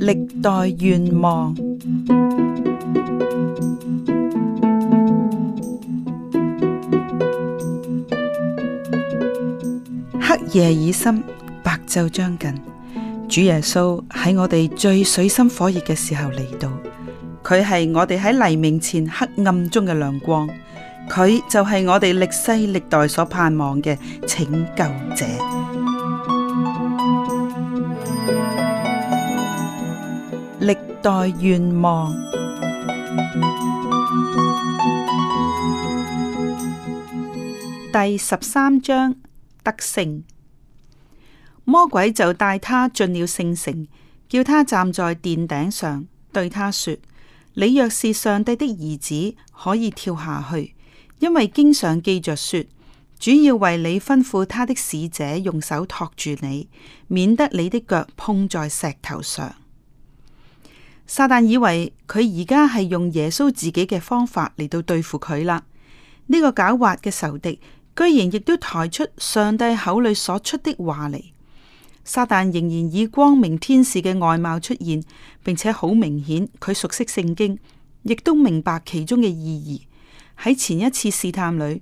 歷代願望。黑夜已深，白晝將近。主耶穌喺我哋最水深火熱嘅時候嚟到，佢係我哋喺黎明前黑暗中嘅亮光，佢就係我哋歷世歷代所盼望嘅拯救者。在願望第十三章得勝，魔鬼就帶他進了聖城，叫他站在殿頂上，對他說：你若是上帝的兒子，可以跳下去，因為經常記着說，主要為你吩咐他的使者用手托住你，免得你的腳碰在石頭上。撒旦以為佢而家係用耶穌自己嘅方法嚟到對付佢啦，呢個狡猾嘅仇敵，居然亦都抬出上帝口裏所出的話嚟。撒旦仍然以光明天使嘅外貌出現，並且好明顯佢熟悉聖經，亦都明白其中嘅意義。喺前一次試探裏，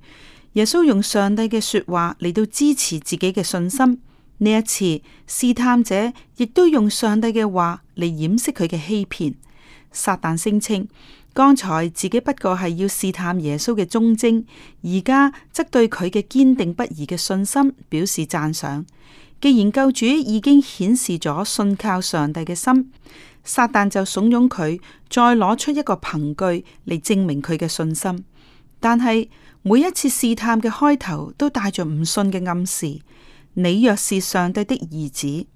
耶穌用上帝嘅說話嚟到支持自己嘅信心。呢一次試探者亦都用上帝嘅話嚟掩飾佢嘅欺騙。撒旦聲稱，剛才自己不過係要試探耶穌嘅忠貞，而家則對佢嘅堅定不移嘅信心表示讚賞。既然救主已經顯示咗信靠上帝嘅心，撒旦就慫恿佢再攞出一個憑據嚟證明佢嘅信心。但係每一次試探嘅開頭都帶着唔信嘅暗示。你若是上帝的兒子，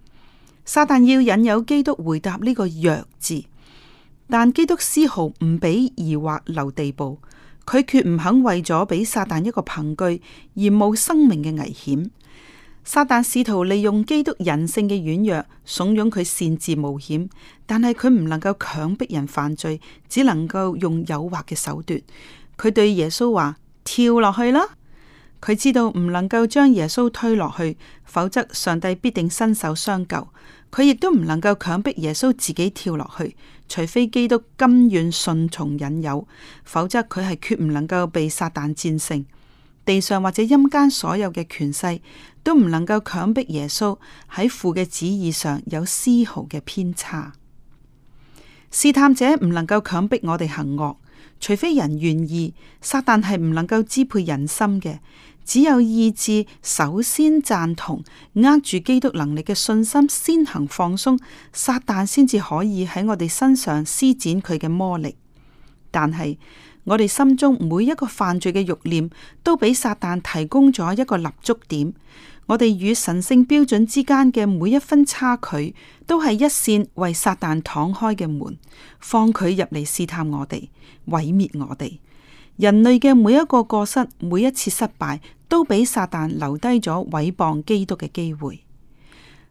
撒旦要引誘基督回答呢、這個弱字，但基督絲毫唔俾疑惑留地步，佢決唔肯為咗俾撒旦一個憑據而冒生命嘅危險。撒旦試圖利用基督人性嘅軟弱，慫恿佢擅自冒險，但係佢唔能夠強迫人犯罪，只能夠用誘惑嘅手段。佢對耶穌話：跳落去啦！佢知道唔能夠將耶穌推落去，否則上帝必定伸手相救。佢亦都唔能夠強迫耶穌自己跳落去，除非基督甘願順從引誘，否則佢係決唔能夠被撒旦戰勝。地上或者陰間所有嘅權勢，都唔能夠強迫耶穌喺父嘅旨意上有絲毫嘅偏差。試探者唔能夠強迫我哋行惡，除非人願意。撒旦係唔能夠支配人心嘅。只有意志首先贊同，握住基督能力嘅信心先行放鬆，撒旦先至可以喺我哋身上施展佢嘅魔力。但係我哋心中每一個犯罪嘅欲念，都俾撒旦提供咗一個立足點。我哋與神聖標準之間嘅每一分差距，都係一扇為撒旦敞開嘅門，放佢入嚟試探我哋，毀滅我哋。人類嘅每一個過失，每一次失敗。都俾撒旦留低咗毀謗基督嘅機會。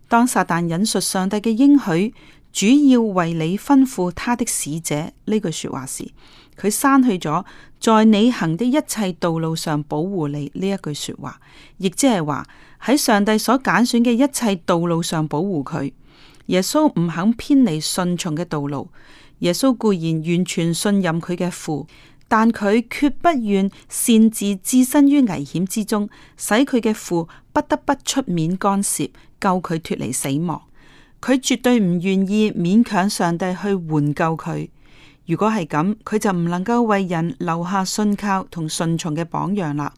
當撒旦引述上帝嘅應許，主要為你吩咐他的使者呢句說話時，佢刪去咗在你行的一切道路上保護你呢一句說話，亦即係話喺上帝所揀選嘅一切道路上保護佢。耶穌唔肯偏離順從嘅道路，耶穌固然完全信任佢嘅父。但佢決不願擅自置身於危險之中，使佢嘅父不得不出面干涉，救佢脱離死亡。佢絕對唔願意勉強上帝去援救佢。如果係咁，佢就唔能夠為人留下信靠同順從嘅榜樣啦。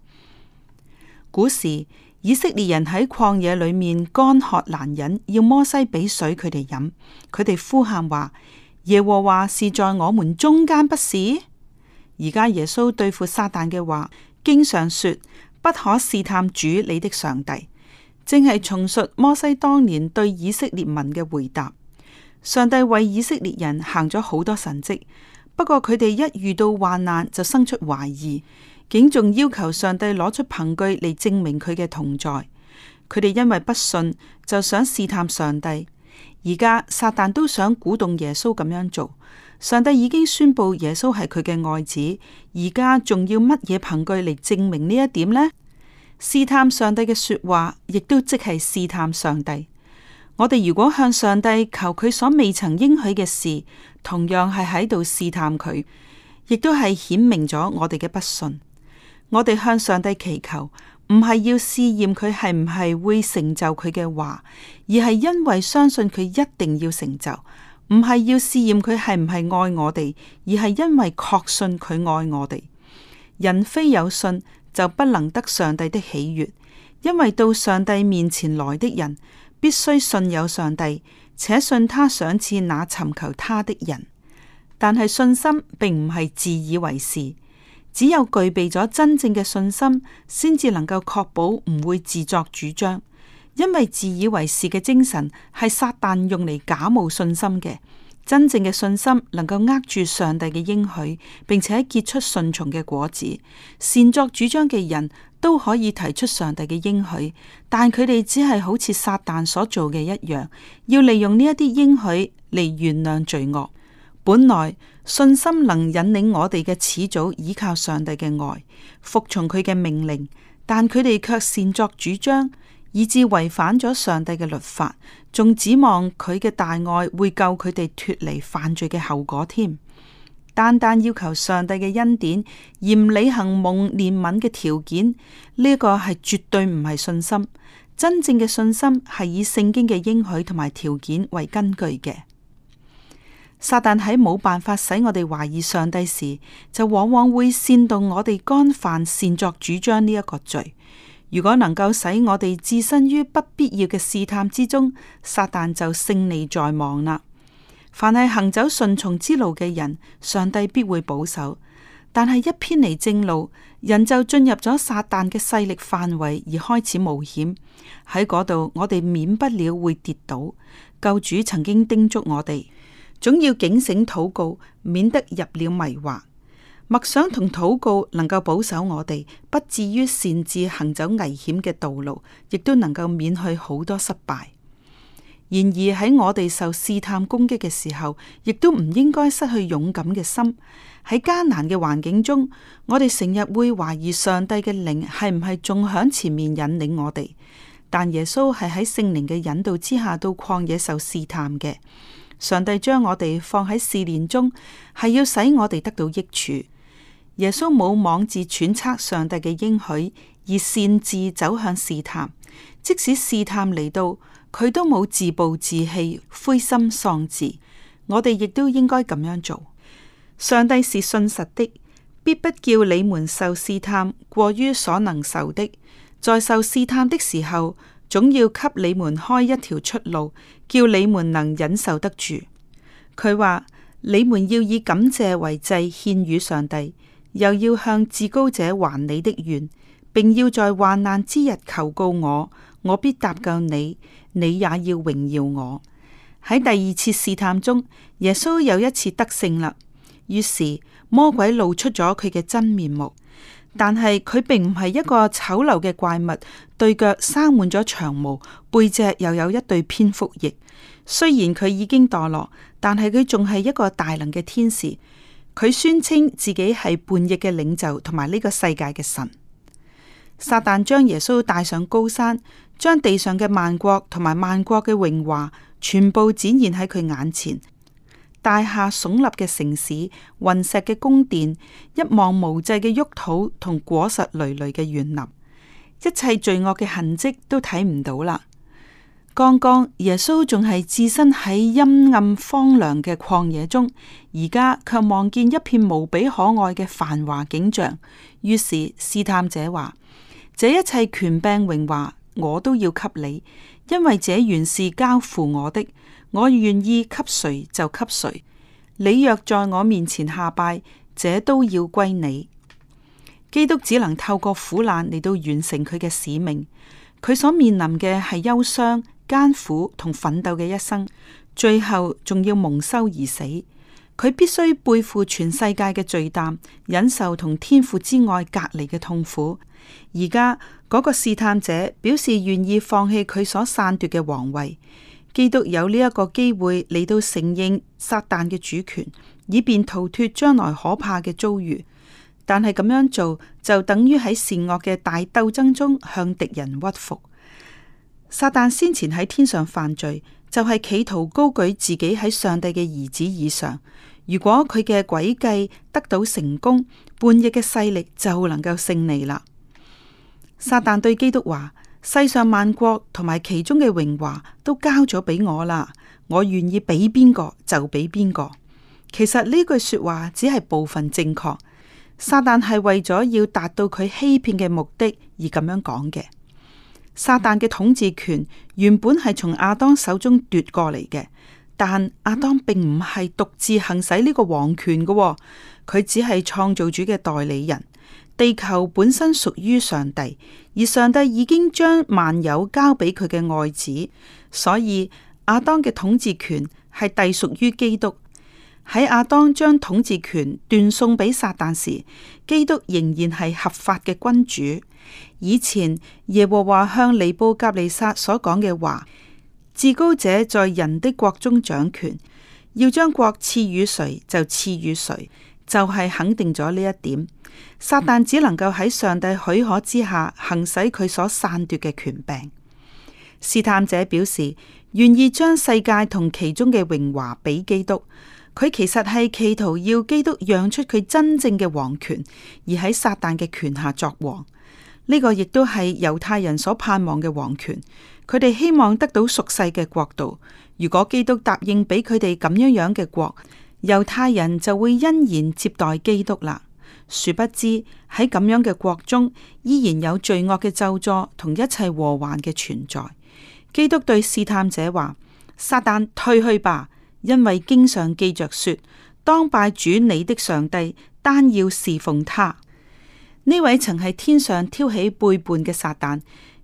古時以色列人喺曠野裏面乾渴難忍，要摩西俾水佢哋飲，佢哋呼喊話：耶和華是在我們中間，不是？而家耶穌對付撒旦嘅話，經常說不可試探主你的上帝，正係重述摩西當年對以色列民嘅回答。上帝為以色列人行咗好多神蹟，不過佢哋一遇到患難就生出懷疑，竟仲要求上帝攞出憑據嚟證明佢嘅同在。佢哋因為不信，就想試探上帝。而家撒旦都想鼓動耶穌咁樣做。上帝已經宣布耶穌係佢嘅愛子，而家，仲要乜嘢憑據嚟證明呢一點呢？試探上帝嘅說話，亦都即係試探上帝。我哋如果向上帝求佢所未曾應許嘅事，同樣係喺度試探佢，亦都係顯明咗我哋嘅不信。我哋向上帝祈求，唔係要試驗佢係唔係會成就佢嘅話，而係因為相信佢一定要成就。唔係要試驗佢係唔係愛我哋，而係因為確信佢愛我哋。人非有信，就不能得上帝的喜悅，因為到上帝面前來的人，必須信有上帝，且信他賞賜那尋求他的人。但係信心並唔係自以為是，只有具備咗真正嘅信心，先至能夠確保唔會自作主張。因為自以為是嘅精神係撒旦用嚟假冒信心嘅。真正嘅信心能夠握住上帝嘅應許，並且結出順從嘅果子。擅作主張嘅人都可以提出上帝嘅應許，但佢哋只係好似撒旦所做嘅一樣，要利用呢一啲應許嚟原諒罪惡。本來信心能引領我哋嘅始祖依靠上帝嘅愛，服從佢嘅命令，但佢哋卻擅作主張。以致違反咗上帝嘅律法，仲指望佢嘅大愛會救佢哋脫離犯罪嘅後果添。單單要求上帝嘅恩典，而唔履行蒙憐憫嘅條件，呢、這個係絕對唔係信心。真正嘅信心係以聖經嘅應許同埋條件為根據嘅。撒旦喺冇辦法使我哋懷疑上帝時，就往往會煽動我哋干犯擅作主張呢一個罪。如果能夠使我哋置身於不必要嘅試探之中，撒旦就勝利在望啦。凡係行走順從之路嘅人，上帝必會保守；但係一偏離正路，人就進入咗撒旦嘅勢力範圍而開始冒險。喺嗰度，我哋免不了會跌倒。救主曾經叮囑我哋，總要警醒禱告，免得入了迷惑。默想同禱告能夠保守我哋，不至於擅自行走危險嘅道路，亦都能夠免去好多失敗。然而喺我哋受試探攻擊嘅時候，亦都唔應該失去勇敢嘅心。喺艱難嘅環境中，我哋成日會懷疑上帝嘅靈係唔係仲響前面引領我哋。但耶穌係喺聖靈嘅引導之下到曠野受試探嘅。上帝將我哋放喺試煉中，係要使我哋得到益處。耶穌冇妄自揣測上帝嘅應許，而擅自走向試探。即使試探嚟到，佢都冇自暴自棄、灰心喪志。我哋亦都應該咁樣做。上帝是信實的，必不叫你們受試探過於所能受的。在受試探的時候，總要給你們開一條出路，叫你們能忍受得住。佢話：你們要以感謝為祭獻與上帝。又要向至高者還你的願，並要在患難之日求告我，我必搭救你。你也要榮耀我。喺第二次試探中，耶穌又一次得勝啦。於是魔鬼露出咗佢嘅真面目，但係佢並唔係一個醜陋嘅怪物，對腳生滿咗長毛，背脊又有一對蝙蝠翼。雖然佢已經墮落，但係佢仲係一個大能嘅天使。佢宣稱自己係叛逆嘅領袖，同埋呢個世界嘅神。撒旦將耶穌帶上高山，將地上嘅萬國同埋萬國嘅榮華全部展現喺佢眼前。大廈聳立嘅城市，雲石嘅宮殿，一望無際嘅沃土同果實累累嘅園林，一切罪惡嘅痕跡都睇唔到啦。剛剛耶穌仲係置身喺陰暗荒涼嘅曠野中，而家卻望見一片無比可愛嘅繁華景象。於是試探者話：這一切權柄榮華，我都要給你，因為這原是交付我的。我願意給誰就給誰。你若在我面前下拜，這都要歸你。基督只能透過苦難嚟到完成佢嘅使命。佢所面臨嘅係憂傷。艱苦同奮鬥嘅一生，最後仲要蒙羞而死。佢必須背負全世界嘅罪擔，忍受同天父之外隔離嘅痛苦。而家嗰個試探者表示願意放棄佢所篡奪嘅皇位，基督有呢一個機會嚟到承認撒旦嘅主權，以便逃脫將來可怕嘅遭遇。但係咁樣做，就等於喺善惡嘅大鬥爭中向敵人屈服。撒旦先前喺天上犯罪，就係企圖高舉自己喺上帝嘅兒子以上。如果佢嘅詭計得到成功，叛逆嘅勢力就能夠勝利啦。撒旦對基督話：世上萬國同埋其中嘅榮華都交咗俾我啦，我願意俾邊個就俾邊個。其實呢句說話只係部分正確。撒旦係為咗要達到佢欺騙嘅目的而咁樣講嘅。撒旦嘅統治權原本係從亞當手中奪過嚟嘅，但亞當並唔係獨自行使呢個王權嘅。哦，佢只係創造主嘅代理人。地球本身屬於上帝，而上帝已經將萬有交俾佢嘅愛子，所以亞當嘅統治權係隸屬於基督。喺亞當將統治權斷送俾撒旦時，基督仍然係合法嘅君主。以前耶和華向尼布甲尼撒所講嘅話：至高者在人的國中掌權，要將國賜予誰就賜予誰，就係、就是、肯定咗呢一點。撒旦只能夠喺上帝許可之下行使佢所散奪嘅權柄。試探者表示願意將世界同其中嘅榮華俾基督。佢其實係企圖要基督讓出佢真正嘅王權，而喺撒旦嘅權下作王。呢個亦都係猶太人所盼望嘅王權，佢哋希望得到屬世嘅國度。如果基督答應俾佢哋咁樣樣嘅國，猶太人就會欣然接待基督啦。殊不知喺咁樣嘅國中，依然有罪惡嘅咒詛同一切禍患嘅存在。基督對試探者話：撒旦退去吧！因為經常記着說，當拜主你的上帝，單要侍奉他。呢位曾喺天上挑起背叛嘅撒旦，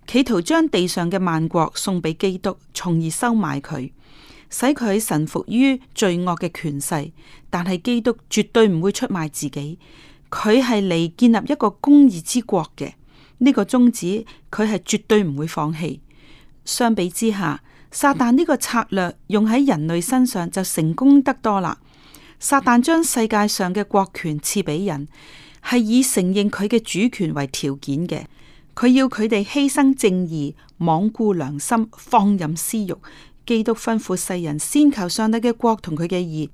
企圖將地上嘅萬國送俾基督，從而收買佢，使佢臣服於罪惡嘅權勢。但係基督絕對唔會出賣自己，佢係嚟建立一個公義之國嘅。呢個宗旨，佢係絕對唔會放棄。相比之下。撒旦呢個策略用喺人類身上就成功得多啦。撒旦將世界上嘅國權賜俾人，係以承認佢嘅主權為條件嘅。佢要佢哋犧牲正義、罔顧良心、放任私欲。基督吩咐世人先求上帝嘅國同佢嘅義。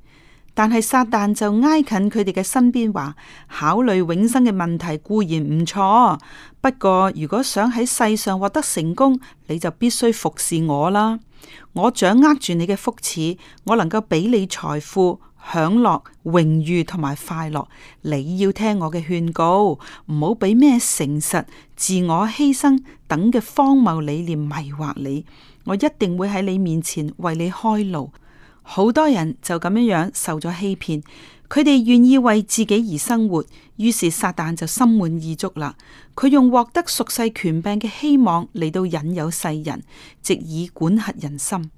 但係撒旦就挨近佢哋嘅身邊，話，考慮永生嘅問題固然唔錯，不過如果想喺世上獲得成功，你就必須服侍我啦。我掌握住你嘅福祉，我能夠俾你財富、享樂、榮譽同埋快樂。你要聽我嘅勸告，唔好俾咩誠實、自我犧牲等嘅荒謬理念迷惑你。我一定會喺你面前為你開路。好多人就咁樣樣受咗欺騙，佢哋願意為自己而生活，於是撒旦就心滿意足啦。佢用獲得屬世權柄嘅希望嚟到引誘世人，藉以管轄人心。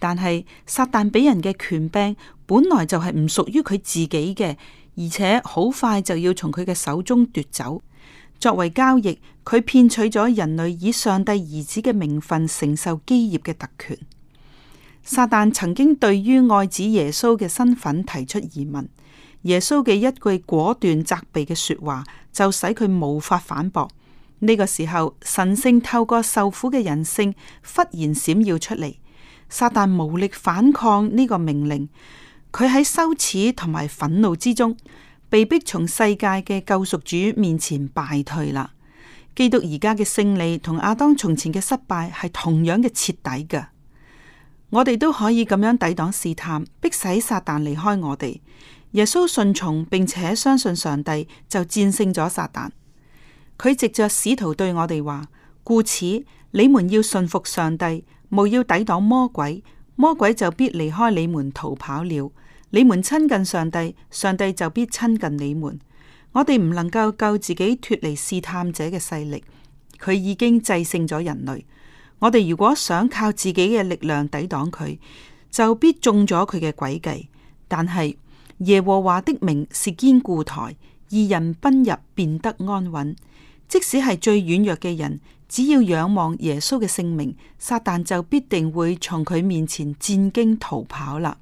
但係撒旦俾人嘅權柄本來就係唔屬於佢自己嘅，而且好快就要從佢嘅手中奪走。作為交易，佢騙取咗人類以上帝兒子嘅名分承受基業嘅特權。撒旦曾經對於愛子耶穌嘅身份提出疑問，耶穌嘅一句果斷責備嘅說話，就使佢無法反駁。呢、這個時候，神性透過受苦嘅人性忽然閃耀出嚟，撒旦無力反抗呢個命令，佢喺羞恥同埋憤怒之中，被迫從世界嘅救贖主面前敗退啦。基督而家嘅勝利同亞當從前嘅失敗係同樣嘅徹底噶。我哋都可以咁樣抵擋試探，逼使撒旦離開我哋。耶穌信從並且相信上帝，就戰勝咗撒旦。佢藉着使徒對我哋話：故此你們要順服上帝，無要抵擋魔鬼，魔鬼就必離開你們逃跑了。你們親近上帝，上帝就必親近你們。我哋唔能夠救自己脫離試探者嘅勢力，佢已經制勝咗人類。我哋如果想靠自己嘅力量抵擋佢，就必中咗佢嘅詭計。但係耶和華的名是堅固台，二人奔入便得安穩。即使係最軟弱嘅人，只要仰望耶穌嘅聖名，撒旦就必定會從佢面前戰兢逃跑啦。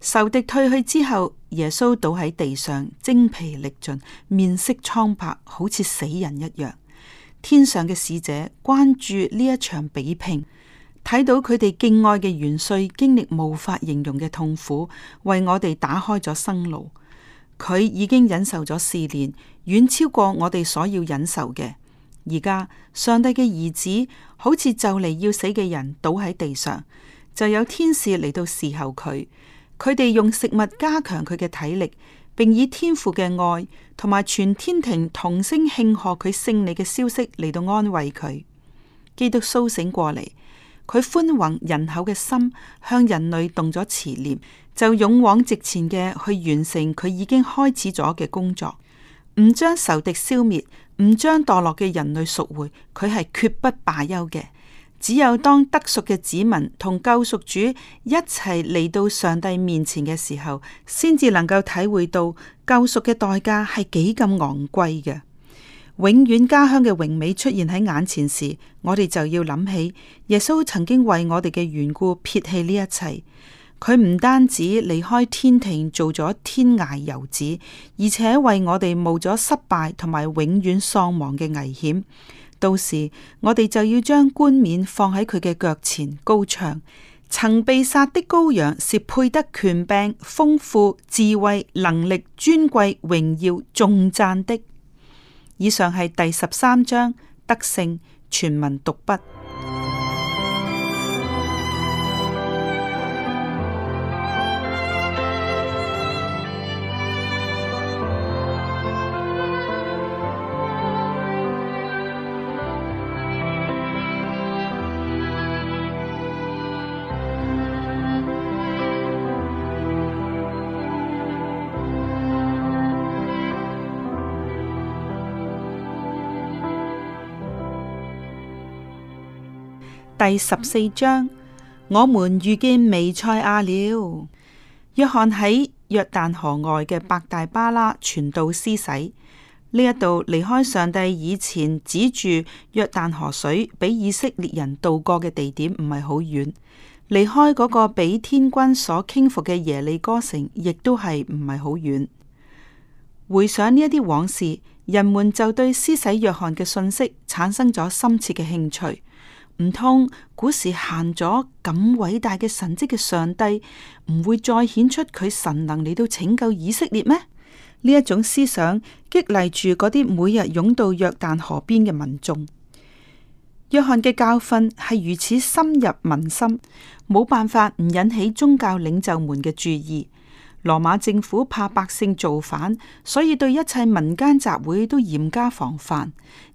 仇敵退去之後，耶穌倒喺地上，精疲力盡，面色蒼白，好似死人一樣。天上嘅使者關注呢一場比拼，睇到佢哋敬愛嘅元帥經歷無法形容嘅痛苦，為我哋打開咗生路。佢已經忍受咗四年，遠超過我哋所要忍受嘅。而家上帝嘅兒子好似就嚟要死嘅人倒喺地上，就有天使嚟到侍候佢。佢哋用食物加強佢嘅體力。並以天父嘅愛同埋全天庭同聲慶賀佢勝利嘅消息嚟到安慰佢。基督蘇醒過嚟，佢寬宏人口嘅心向人類動咗慈念，就勇往直前嘅去完成佢已經開始咗嘅工作。唔將仇敵消滅，唔將墮落嘅人類贖回，佢係決不罷休嘅。只有當得贖嘅子民同救贖主一齊嚟到上帝面前嘅時候，先至能夠體會到救贖嘅代價係幾咁昂貴嘅。永遠家鄉嘅榮美出現喺眼前時，我哋就要諗起耶穌曾經為我哋嘅緣故撇棄呢一切。佢唔單止離開天庭做咗天涯遊子，而且為我哋冒咗失敗同埋永遠喪亡嘅危險。到時我哋就要將冠冕放喺佢嘅腳前高唱，曾被殺的羔羊是配得權柄、豐富、智慧、能力、尊貴、榮耀、重贊的。以上係第十三章德勝全文讀筆。第十四章，我們遇見彌賽亞、啊、了。約翰喺約旦河外嘅伯大巴拉傳道施洗。呢一度離開上帝以前指住約旦河水俾以色列人渡過嘅地點唔係好遠，離開嗰個俾天軍所傾覆嘅耶利哥城，亦都係唔係好遠。回想呢一啲往事，人們就對施洗約翰嘅信息產生咗深切嘅興趣。唔通古時行咗咁偉大嘅神蹟嘅上帝，唔會再顯出佢神能嚟，到拯救以色列咩？呢一種思想激勵住嗰啲每日湧到約旦河邊嘅民眾。約翰嘅教訓係如此深入民心，冇辦法唔引起宗教領袖們嘅注意。羅馬政府怕百姓造反，所以對一切民間集會都嚴加防範。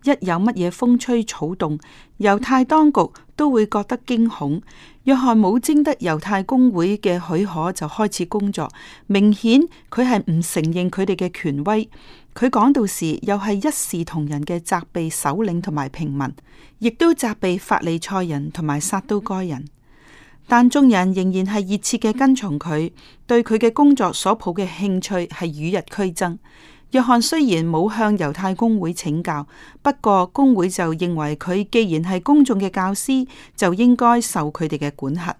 一有乜嘢風吹草動，猶太當局都會覺得驚恐。約翰冇徵得猶太公會嘅許可就開始工作，明顯佢係唔承認佢哋嘅權威。佢講到時又係一視同仁嘅責備首領同埋平民，亦都責備法利賽人同埋撒都該人。但眾人仍然係熱切嘅跟從佢，對佢嘅工作所抱嘅興趣係與日俱增。約翰雖然冇向猶太公會請教，不過公會就認為佢既然係公眾嘅教師，就應該受佢哋嘅管轄。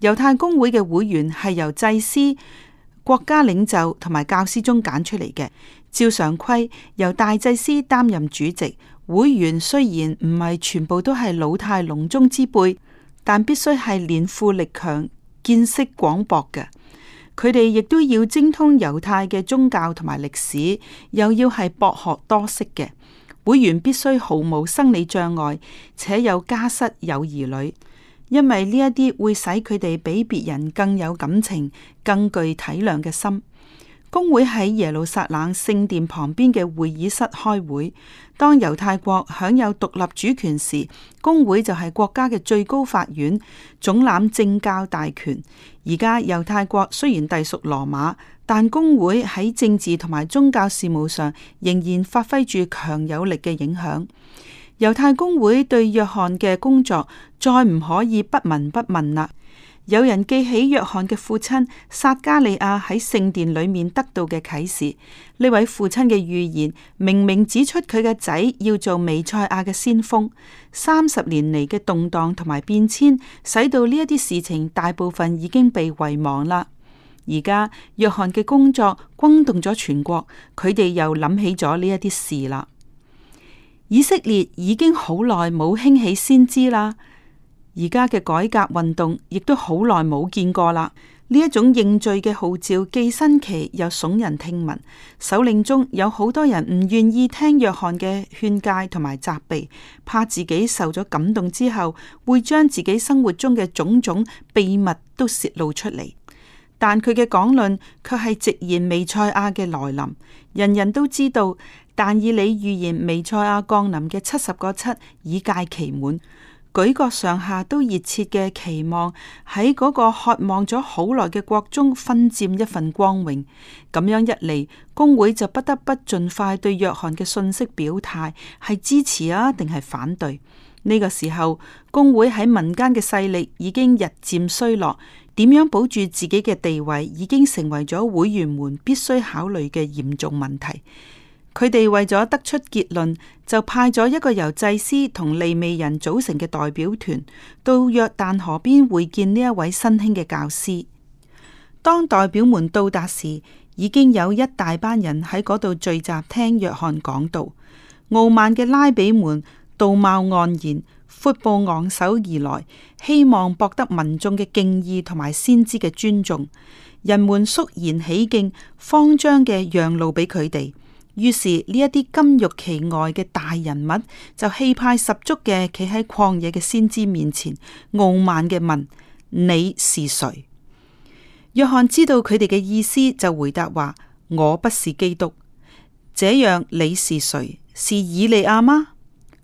猶太公會嘅會員係由祭司、國家領袖同埋教師中揀出嚟嘅，照常規由大祭司擔任主席。會員雖然唔係全部都係老態龍鍾之輩，但必須係年富力強、見識廣博嘅。佢哋亦都要精通猶太嘅宗教同埋歷史，又要係博學多識嘅會員，必須毫無生理障礙，且有家室有兒女，因為呢一啲會使佢哋比別人更有感情、更具體諒嘅心。公會喺耶路撒冷聖殿旁邊嘅會議室開會。當猶太國享有獨立主權時，公會就係國家嘅最高法院，總攬政教大權。而家猶太國雖然隸屬羅馬，但公會喺政治同埋宗教事務上仍然發揮住強有力嘅影響。猶太公會對約翰嘅工作再唔可以不聞不問啦。有人記起約翰嘅父親撒加利亞喺聖殿裏面得到嘅啟示，呢位父親嘅預言明明指出佢嘅仔要做美塞亞嘅先鋒。三十年嚟嘅動蕩同埋變遷，使到呢一啲事情大部分已經被遺忘啦。而家約翰嘅工作轟動咗全國，佢哋又諗起咗呢一啲事啦。以色列已經好耐冇興起先知啦。而家嘅改革運動亦都好耐冇見過啦！呢一種認罪嘅號召既新奇又聳人聽聞。首領中有好多人唔願意聽約翰嘅勸誡同埋責備，怕自己受咗感動之後會將自己生活中嘅種種秘密都洩露出嚟。但佢嘅講論卻係直言彌賽亞嘅來臨，人人都知道。但以理預言彌賽亞降臨嘅七十個七已屆期滿。舉國上下都熱切嘅期望喺嗰個渴望咗好耐嘅國中分佔一份光榮，咁樣一嚟，工會就不得不盡快對約翰嘅信息表態，係支持啊，定係反對？呢個時候，工會喺民間嘅勢力已經日漸衰落，點樣保住自己嘅地位，已經成為咗會員們必須考慮嘅嚴重問題。佢哋為咗得出結論，就派咗一個由祭司同利未人組成嘅代表團到約旦河邊會見呢一位新興嘅教師。當代表們到達時，已經有一大班人喺嗰度聚集聽約翰講道。傲慢嘅拉比們道貌岸然、闊步昂首而來，希望博得民眾嘅敬意同埋先知嘅尊重。人們肅然起敬，慌張嘅讓路俾佢哋。於是呢一啲金玉其外嘅大人物就氣派十足嘅企喺曠野嘅先知面前，傲慢嘅問：你是誰？約翰知道佢哋嘅意思，就回答話：我不是基督。這樣你是誰？是以利亞嗎？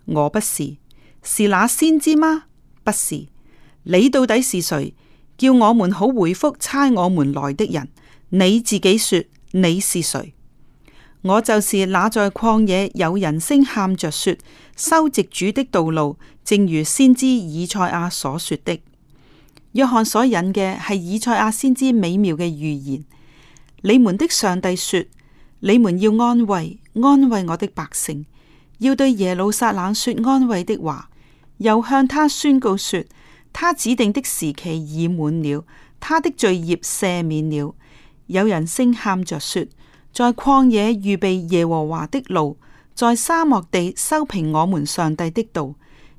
我不是。是那先知嗎？不是。你到底是誰？叫我們好回復差我們來的人。你自己說你是誰？我就是那在曠野有人聲喊着說，修直主的道路，正如先知以賽亞所說的。約翰所引嘅係以賽亞先知美妙嘅預言。你們的上帝說，你們要安慰安慰我的百姓，要對耶路撒冷說安慰的話，又向他宣告說，他指定的時期已滿了，他的罪孽赦免了。有人聲喊着說。在曠野預備耶和華的路，在沙漠地修平我們上帝的道。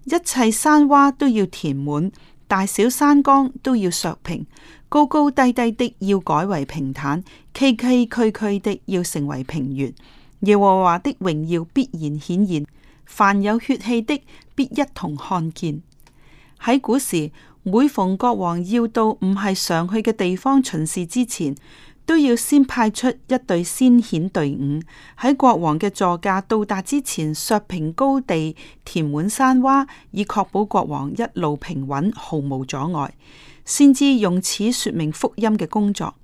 一切山洼都要填滿，大小山崗都要削平，高高低低的要改為平坦，崎崎嶇嶇的要成為平原。耶和華的榮耀必然顯現，凡有血氣的必一同看見。喺古時，每逢國王要到唔係常去嘅地方巡視之前，都要先派出一隊先遣隊伍，喺國王嘅座駕到達之前，削平高地，填滿山窪，以確保國王一路平穩，毫無阻礙。先知用此說明福音嘅工作，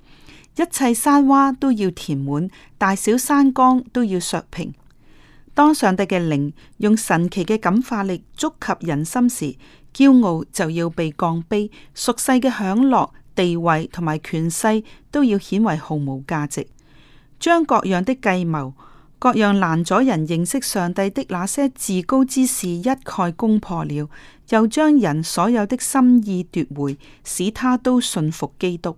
一切山窪都要填滿，大小山崗都要削平。當上帝嘅靈用神奇嘅感化力觸及人心時，驕傲就要被降卑，屬世嘅享樂，地位同埋權勢都要顯為毫無價值，將各樣的計謀、各樣攔阻人認識上帝的那些自高之事一概攻破了，又將人所有的心意奪回，使他都信服基督。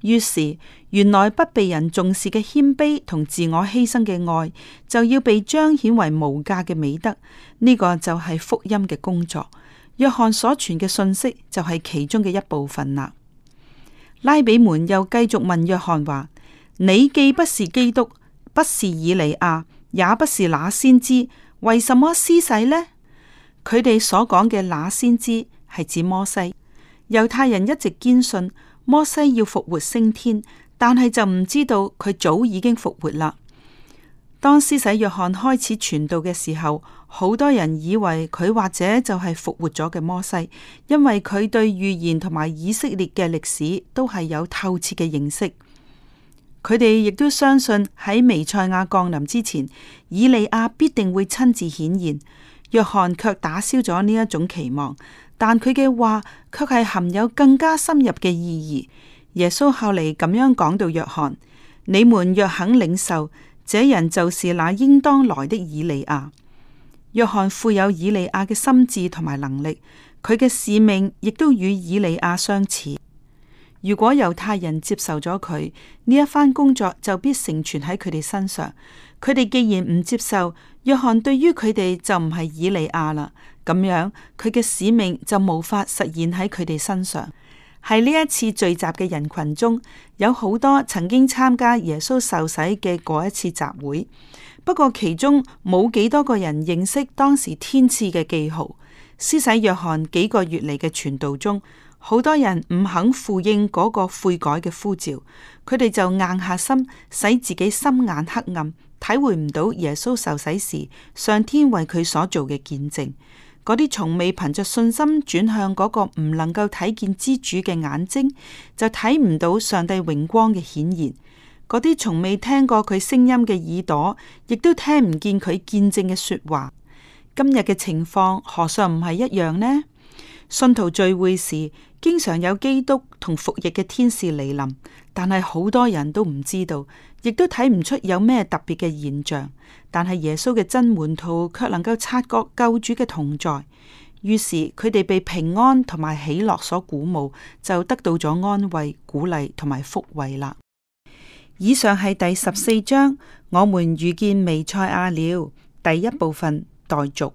於是原來不被人重視嘅謙卑同自我犧牲嘅愛，就要被彰顯為無價嘅美德。呢、這個就係福音嘅工作。約翰所傳嘅信息就係其中嘅一部分啦。拉比們又繼續問約翰話：你既不是基督，不是以利亞，也不是那先知，為什麼施洗呢？佢哋所講嘅那先知係指摩西。猶太人一直堅信摩西要復活升天，但係就唔知道佢早已經復活啦。當施洗約翰開始傳道嘅時候，好多人以為佢或者就係復活咗嘅摩西，因為佢對預言同埋以色列嘅歷史都係有透徹嘅認識。佢哋亦都相信喺彌賽亞降臨之前，以利亞必定會親自顯現。約翰卻打消咗呢一種期望，但佢嘅話卻係含有更加深入嘅意義。耶穌後嚟咁樣講到，約翰，你們若肯領受，這人就是那應當來的以利亞。約翰富有以利亞嘅心智同埋能力，佢嘅使命亦都與以利亞相似。如果猶太人接受咗佢，呢一番工作，就必成全喺佢哋身上。佢哋既然唔接受，約翰對於佢哋就唔係以利亞啦。咁樣佢嘅使命就無法實現喺佢哋身上。喺呢一次聚集嘅人群中，有好多曾經參加耶穌受洗嘅嗰一次集會，不過其中冇幾多個人認識當時天賜嘅記號。施洗約翰幾個月嚟嘅傳道中，好多人唔肯附應嗰個悔改嘅呼召，佢哋就硬下心，使自己心眼黑暗，體會唔到耶穌受洗時上天為佢所做嘅見證。嗰啲從未憑着信心轉向嗰個唔能夠睇見之主嘅眼睛，就睇唔到上帝榮光嘅顯現；嗰啲從未聽過佢聲音嘅耳朵，亦都聽唔見佢見證嘅說話。今日嘅情況，何嘗唔係一樣呢？信徒聚會時，經常有基督同服役嘅天使嚟臨，但係好多人都唔知道，亦都睇唔出有咩特別嘅現象。但係耶穌嘅真門徒卻能夠察覺救主嘅同在，於是佢哋被平安同埋喜樂所鼓舞，就得到咗安慰、鼓勵同埋福慰啦。以上係第十四章，我們遇見彌賽亞了，第一部分待續。代